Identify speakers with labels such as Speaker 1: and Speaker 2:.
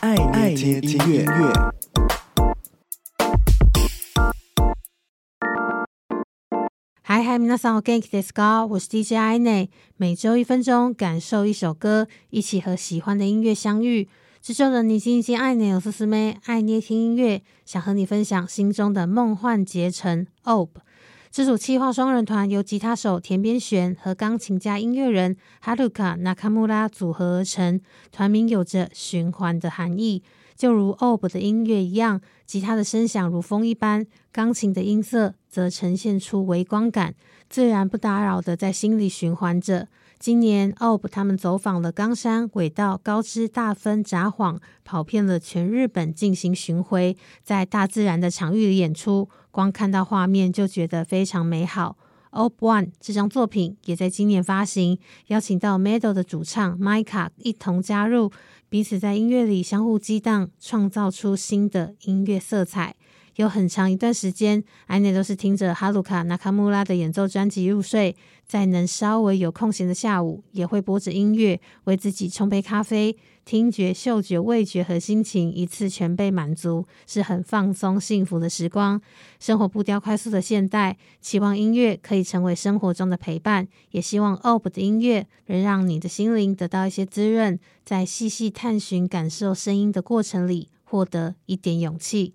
Speaker 1: 愛捏聽音樂。嗨嗨，hi, hi, 皆さんお元気ですか？我是 DJ aiine，每週一分鐘，感受一首歌，一起和喜歡的音樂相遇。這週的你今天愛捏，我是思思妹，愛捏聽音樂，想和你分享心中的夢幻結成。orbe。這組氣化雙人團由吉他手田邊玄和鋼琴家音樂人 Haruka Nakamura 組合而成。團名有着循環的含義，就如 orbe 的音樂一樣，吉他的聲響如風一般，鋼琴的音色則呈現出微光感，自然不打擾的在心裡循環着。今年，orbe 他們走訪了岡山、尾道、高知、大分、札幌，跑遍了全日本進行巡迴，在大自然的場域裡演出，光看到畫面就覺得非常美好。orbe ONE 這張作品也在今年發行，邀請到 mado 的主唱 maika 一同加入，彼此在音樂裡相互激盪，創造出新的音樂色彩。有很長一段時間，愛捏都是聽着哈魯卡·納卡穆拉的演奏專輯入睡。在能稍微有空閒的下午，也會播着音樂，為自己沖杯咖啡，聽覺、嗅覺、味覺和心情一次全被滿足，是很放鬆、幸福的時光。生活步調快速的現代，期望音樂可以成為生活中的陪伴，也希望 orbe 的音樂能讓你的心靈得到一些滋潤，在細細探尋、感受聲音的過程裡，獲得一點勇氣。